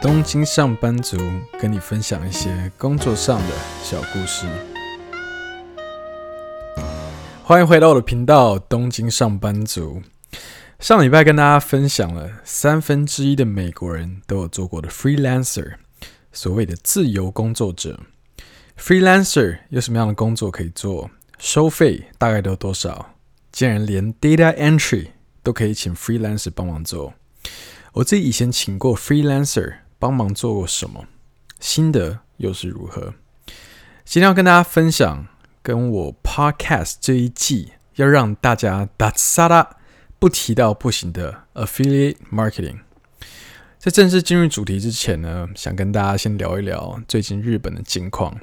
東京上班族跟你分享一些工作上的小故事。歡迎回到我的頻道《東京上班族》。上禮拜跟大家分享了三分之一的美國人都有做過的 freelancer，所謂的自由工作者。freelancer 有什麼樣的工作可以做？收費大概都有多少？竟然連 data entry 都可以請 freelancer 幫忙做。我自己以前請過 freelancer。幫忙做過什麼？心得又是如何？今天要跟大家分享，跟我 Podcast 這一季要讓大家打撒拉不提到不行的 Affiliate Marketing。在正式進入主題之前呢，想跟大家先聊一聊最近日本的近況。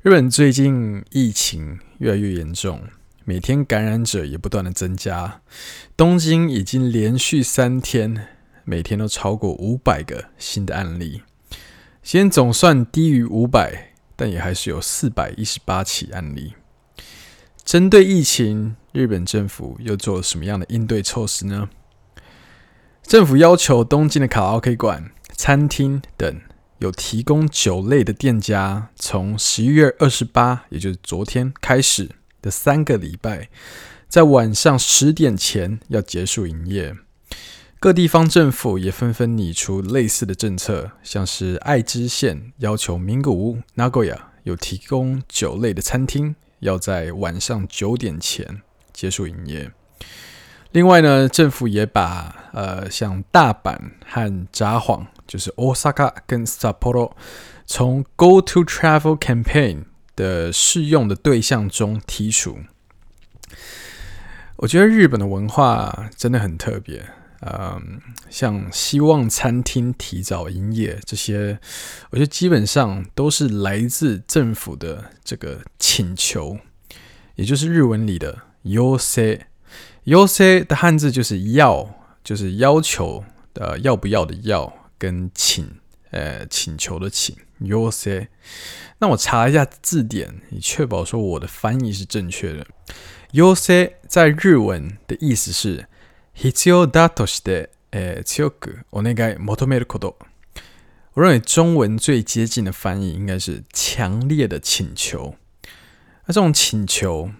日本最近疫情越來越嚴重，每天感染者也不斷的增加，東京已經連續三天。每天都超過五百個新的案例，今天總算低於五百，但也還是有四百一十八起案例。針對疫情，日本政府又做了什麼樣的應對措施呢？政府要求東京的卡拉 OK 館、餐廳等有提供酒類的店家，從十一月二十八，也就是昨天開始的三個禮拜，在晚上十點前要結束營業。各地方政府也紛紛擬出類似的政策，像是愛知縣要求名古屋 （Nagoya） 有提供酒類的餐廳要在晚上九點前結束營業。另外呢，政府也把呃像大阪和札幌（就是 Osaka 跟 Sapporo） 從 Go to Travel Campaign 的適用的對象中剔除。我覺得日本的文化真的很特別。嗯，像希望餐廳提早營業這些，我覺得基本上都是來自政府的這個請求，也就是日文裡的“要請”。要請的漢字就是要，就是要求，呃，要不要的要跟請，呃，請求的請。要請。那我查一下字典，以確保說我的翻譯是正確的。要請在日文的意思是。必要だとして、え、強くお願い求めること。我認為中文最接近的翻譯應該是“強烈的請求”啊。那這種請求，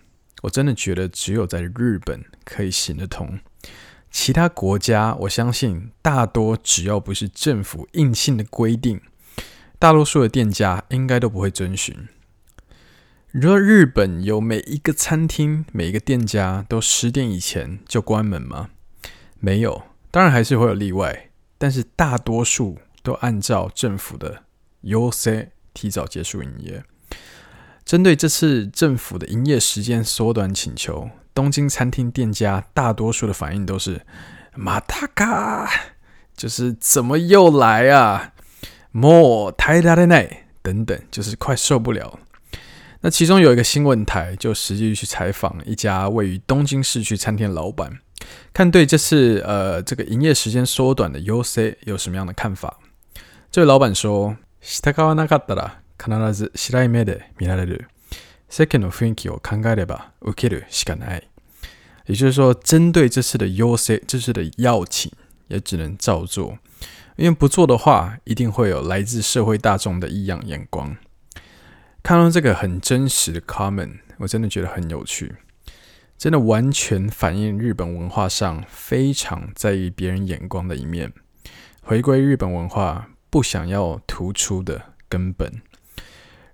我真的覺得只有在日本可以行得通。其他國家，我相信大多只要不是政府硬性的規定，大多數的店家應該都不會遵循。你說日本有每一個餐廳、每一個店家都十點以前就關門嗎？沒有，當然還是會有例外，但是大多數都按照政府的要請提早結束營業。針對這次政府的營業時間縮短請求，東京餐廳店家大多數的反應都是“またか”，就是怎麼又來啊？“もう耐えられない”等等，就是快受不了了。那其中有一個新聞台就實際去採訪一家位於東京市區餐廳的老板。看對這次呃這個營業時間縮短的要請有什麼樣的看法？這位老板說：従わなかったら必ず白目で見られる。世間の雰囲気を考えれば受けるしかない。也就是說，針對這次的要請，這次的邀請也只能照做，因為不做的話，一定會有來自社會大眾的異樣眼光。看到這個很真實的 comment，我真的覺得很有趣。真的完全反映日本文化上非常在意別人眼光的一面，回歸日本文化不想要突出的根本。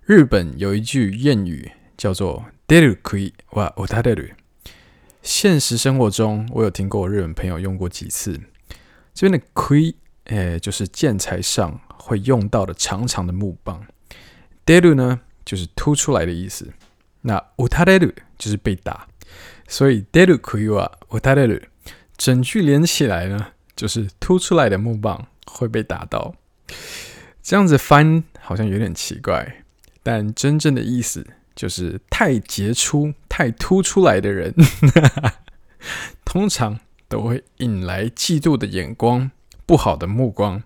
日本有一句諺語叫做 “deru kui wa utaru”。現實生活中我有聽過日本朋友用過幾次，這邊的 kui 哎，就是建材上會用到的長長的木棒，“deru” 呢就是凸出來的意思，那 “utaru” 就是被打。所以出る杭は打たれる，整句連起來呢，就是凸出來的木棒會被打到。這樣子翻好像有點奇怪，但真正的意思就是太傑出、太凸出來的人，呵呵，通常都會引來嫉妒的眼光、不好的目光。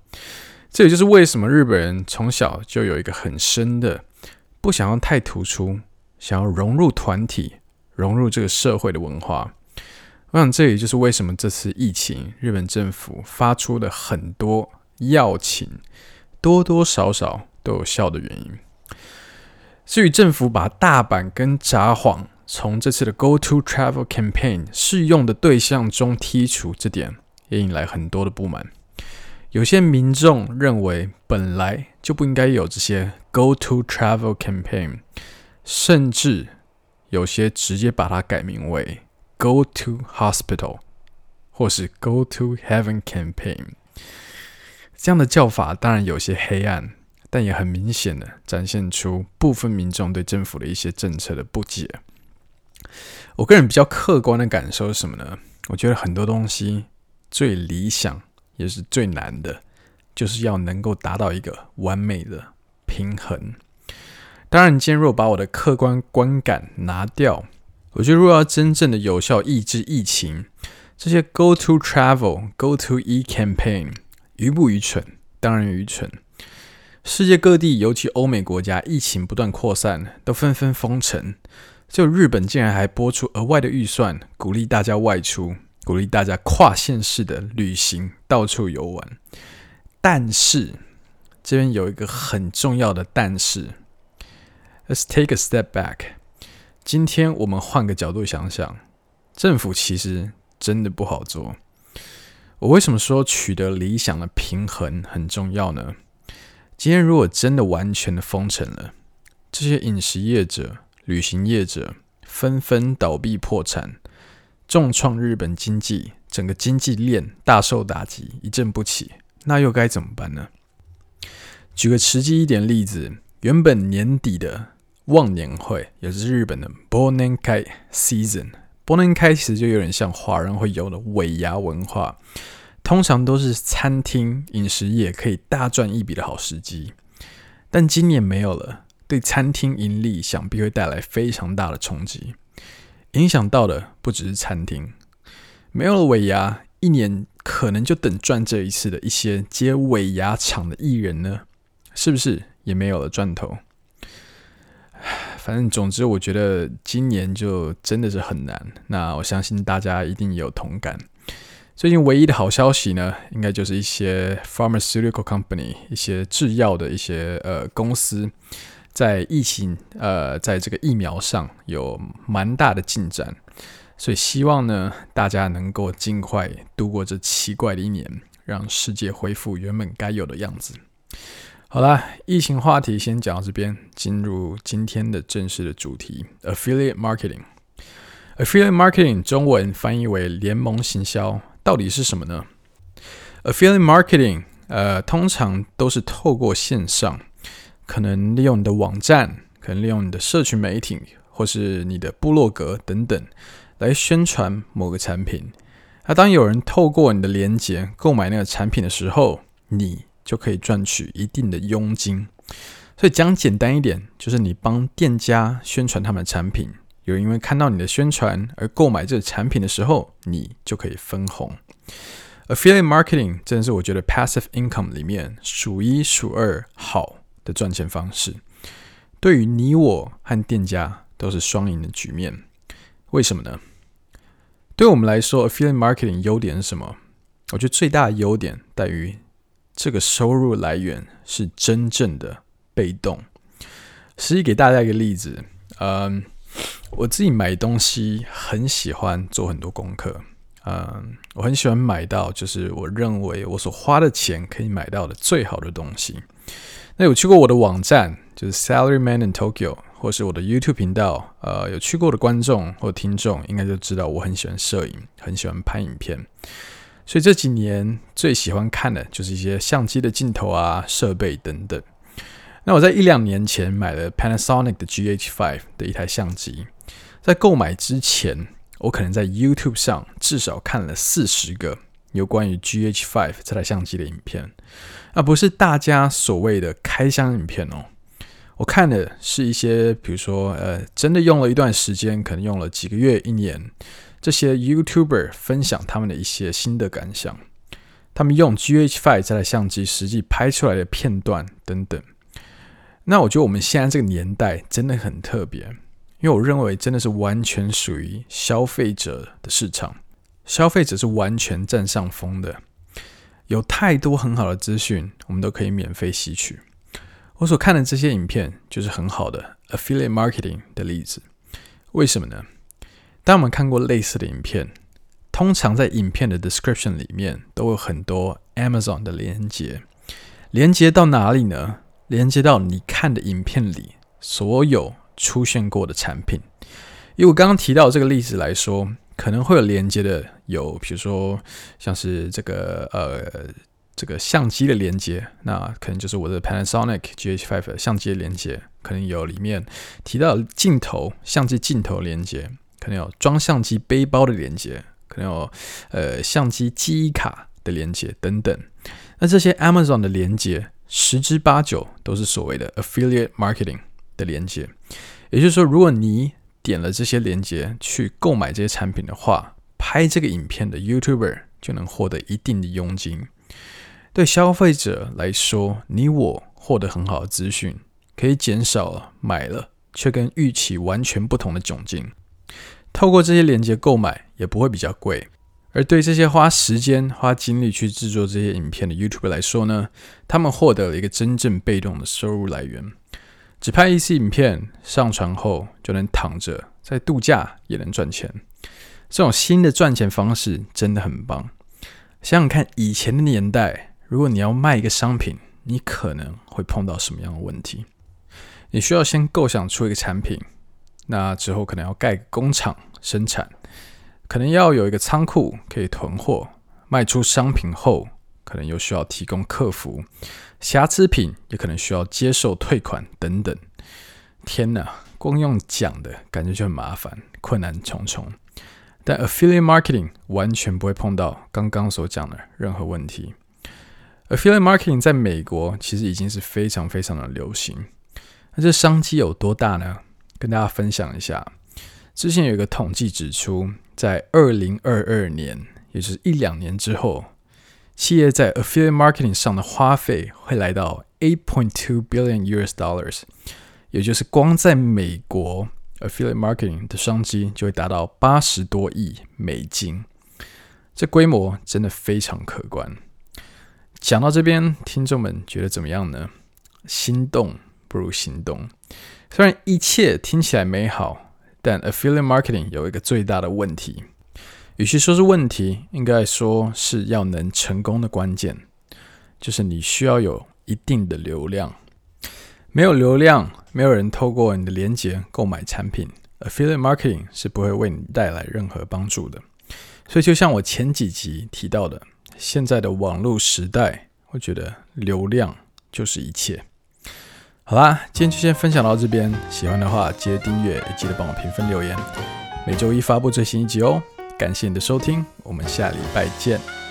這也就是為什麼日本人從小就有一個很深的，不想要太突出，想要融入團體。融入這個社會的文化，我想這也就是為什麼這次疫情日本政府發出的很多要請，多多少少都有效的原因。至於政府把大阪跟札幌從這次的 Go to Travel Campaign 適用的對象中剔除，這點也引來很多的不滿。有些民眾認為本來就不應該有這些 Go to Travel Campaign，甚至。有些直接把它改名為 “Go to Hospital” 或是 “Go to Heaven” campaign，這樣的叫法當然有些黑暗，但也很明顯的展現出部分民眾對政府的一些政策的不解。我個人比較客觀的感受是什麼呢？我覺得很多東西最理想也是最難的，就是要能夠達到一個完美的平衡。當然，今天如果把我的客觀觀感拿掉，我覺得如果要真正的有效抑制疫情，這些 “Go to Travel”、“Go to Eat Campaign” 愚不愚蠢？當然愚蠢。世界各地，尤其歐美國家，疫情不斷擴散，都紛紛封城。就日本竟然還撥出額外的預算，鼓勵大家外出，鼓勵大家跨縣市的旅行，到處遊玩。但是，這邊有一個很重要的但是。Let's take a step back。今天我們換個角度想想，政府其實真的不好做。我為什麼說取得理想的平衡很重要呢？今天如果真的完全的封城了，這些飲食業者、旅行業者紛紛倒閉破產，重創日本經濟，整個經濟鏈大受打擊，一振不起，那又該怎麼辦呢？舉個實際一點例子，原本年底的忘年會，也是日本的 “Bonenkai Season”，Bonenkai 其實就有點像華人會有的尾牙文化，通常都是餐廳飲食業可以大賺一筆的好時機。但今年沒有了，對餐廳盈利想必會帶來非常大的衝擊。影響到的不只是餐廳，沒有了尾牙，一年可能就等賺這一次的一些接尾牙場的藝人呢，是不是也沒有了賺頭？反正，總之，我覺得今年就真的是很難。那我相信大家一定有同感。最近唯一的好消息呢，應該就是一些 pharmaceutical company，一些製藥的一些呃公司，在疫情呃在這個疫苗上有蠻大的進展。所以希望呢，大家能夠盡快度過這奇怪的一年，讓世界恢復原本該有的樣子。好了，疫情話題先講到這邊，進入今天的正式的主題：Affiliate Marketing。Affiliate Marketing 中文翻譯為聯盟行銷，到底是什麼呢？Affiliate Marketing 呃，通常都是透過線上，可能利用你的網站，可能利用你的社群媒體，或是你的部落格等等，來宣傳某個產品。那、啊、當有人透過你的連接購買那個產品的時候，你，就可以賺取一定的佣金，所以講簡單一點，就是你幫店家宣傳他們的產品，有人因為看到你的宣傳而購買這個產品的時候，你就可以分紅。Affiliate marketing 真的是我覺得 passive income 裡面數一數二好的賺錢方式，對於你我和店家都是雙贏的局面。為什麼呢？對我們來說，Affiliate Marketing 優點是什麼？我覺得最大的優點在於，這個收入來源是真正的被動。實際給大家一個例子，嗯，我自己買東西很喜歡做很多功課，嗯，我很喜歡買到就是我認為我所花的錢可以買到的最好的東西。那有去過我的網站，就是 Salaryman in Tokyo，或是我的 YouTube 頻道，呃，有去過的觀眾或聽眾應該就知道，我很喜歡攝影，很喜歡拍影片。所以這幾年最喜歡看的就是一些相機的鏡頭啊、設備等等。那我在一兩年前買了 Panasonic 的 GH5 的一台相機，在購買之前，我可能在 YouTube 上至少看了四十個有關於 GH5 這台相機的影片，而不是大家所謂的開箱影片哦。我看的是一些，比如說，呃，真的用了一段時間，可能用了幾個月、一年。這些 YouTuber 分享他們的一些新的感想，他們用 GH5 這台相機實際拍出來的片段等等。那我覺得我們現在這個年代真的很特別，因為我認為真的是完全屬於消費者的市場，消費者是完全佔上風的。有太多很好的資訊，我們都可以免費吸取。我所看的這些影片就是很好的 affiliate marketing 的例子。為什麼呢？當我們看過類似的影片，通常在影片的 description 裡面都有很多 Amazon 的連接，連接到哪裡呢？連接到你看的影片裡所有出現過的產品。以我剛剛提到這個例子來說，可能會有連接的，有比如說像是這個呃這個相機的連接，那可能就是我的 Panasonic GH5 的相機的連接，可能有裡面提到鏡頭，相機鏡頭連接。可能有裝相機背包的連結，可能有呃相機記憶卡的連結等等。那這些 Amazon 的連結，十之八九都是所謂的 affiliate marketing 的連結。也就是說，如果你點了這些連結去購買這些產品的話，拍這個影片的 YouTuber 就能獲得一定的佣金。對消費者來說，你我獲得很好的資訊，可以減少了買了卻跟預期完全不同的窘境。透過這些連結購買也不會比較貴，而對這些花時間花精力去製作這些影片的 YouTuber 來說呢，他們獲得了一個真正被動的收入來源，只拍一次影片上傳後就能躺着在度假也能賺錢。這種新的賺錢方式真的很棒。想想看，以前的年代，如果你要賣一個商品，你可能會碰到什麼樣的問題？你需要先構想出一個產品。那之後可能要蓋工廠生產，可能要有一個倉庫可以囤貨，賣出商品後可能又需要提供客服，瑕疵品也可能需要接受退款等等。天哪，光用講的感覺就很麻煩，困難重重。但 affiliate marketing 完全不會碰到剛剛所講的任何問題。affiliate marketing 在美國其實已經是非常非常的流行。那這商機有多大呢？跟大家分享一下，之前有一個統計指出，在二零二二年，也就是一兩年之後，企業在 affiliate marketing 上的花費會來到 eight point two billion US dollars，也就是光在美國 affiliate marketing 的商機就會達到八十多億美金，這規模真的非常可觀。講到這邊，聽眾們覺得怎麼樣呢？心動不如行動。雖然一切聽起來美好，但 affiliate marketing 有一個最大的問題，與其說是問題，應該說是要能成功的關鍵，就是你需要有一定的流量。沒有流量，沒有人透過你的連結購買產品，affiliate marketing 是不會為你帶來任何幫助的。所以，就像我前幾集提到的，現在的網絡時代，我覺得流量就是一切。好啦，今天就先分享到這邊。喜歡的話，記得訂閱，也記得幫我評分留言。每周一發布最新一集哦。感謝你的收聽，我們下禮拜見。